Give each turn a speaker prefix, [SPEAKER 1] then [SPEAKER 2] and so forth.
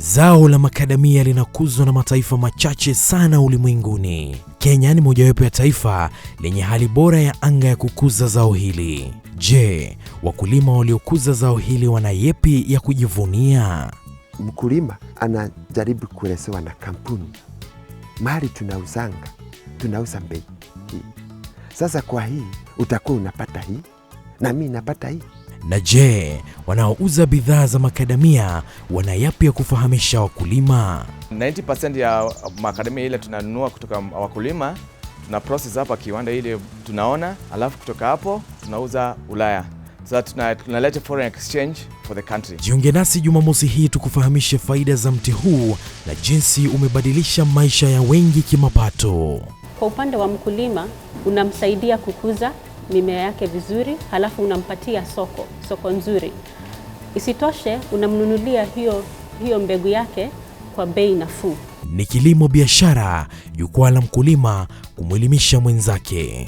[SPEAKER 1] Zao la makadamia linakuzwa na mataifa machache sana ulimwenguni. Kenya ni mojawapo ya taifa lenye hali bora ya anga ya kukuza zao hili. Je, wakulima waliokuza zao hili wana yepi ya kujivunia?
[SPEAKER 2] Mkulima anajaribu kuelezewa na kampuni, mali tunauzanga, tunauza bei hii. Sasa kwa hii utakuwa unapata hii na mi napata hii.
[SPEAKER 1] Na je, wanaouza bidhaa za makadamia wana yapi ya kufahamisha wakulima?
[SPEAKER 3] 90% ya makadamia ile tunanunua kutoka wakulima, tuna process hapa kiwanda ile tunaona, alafu kutoka hapo tunauza Ulaya. So tunaleta foreign exchange for the country.
[SPEAKER 1] Jiunge nasi Jumamosi hii tukufahamishe faida za mti huu na jinsi umebadilisha maisha ya wengi kimapato.
[SPEAKER 4] Kwa upande wa mkulima, unamsaidia kukuza mimea yake vizuri, halafu unampatia soko soko nzuri. Isitoshe, unamnunulia hiyo, hiyo mbegu yake kwa bei nafuu.
[SPEAKER 1] Ni Kilimo Biashara, jukwaa la mkulima kumwelimisha mwenzake.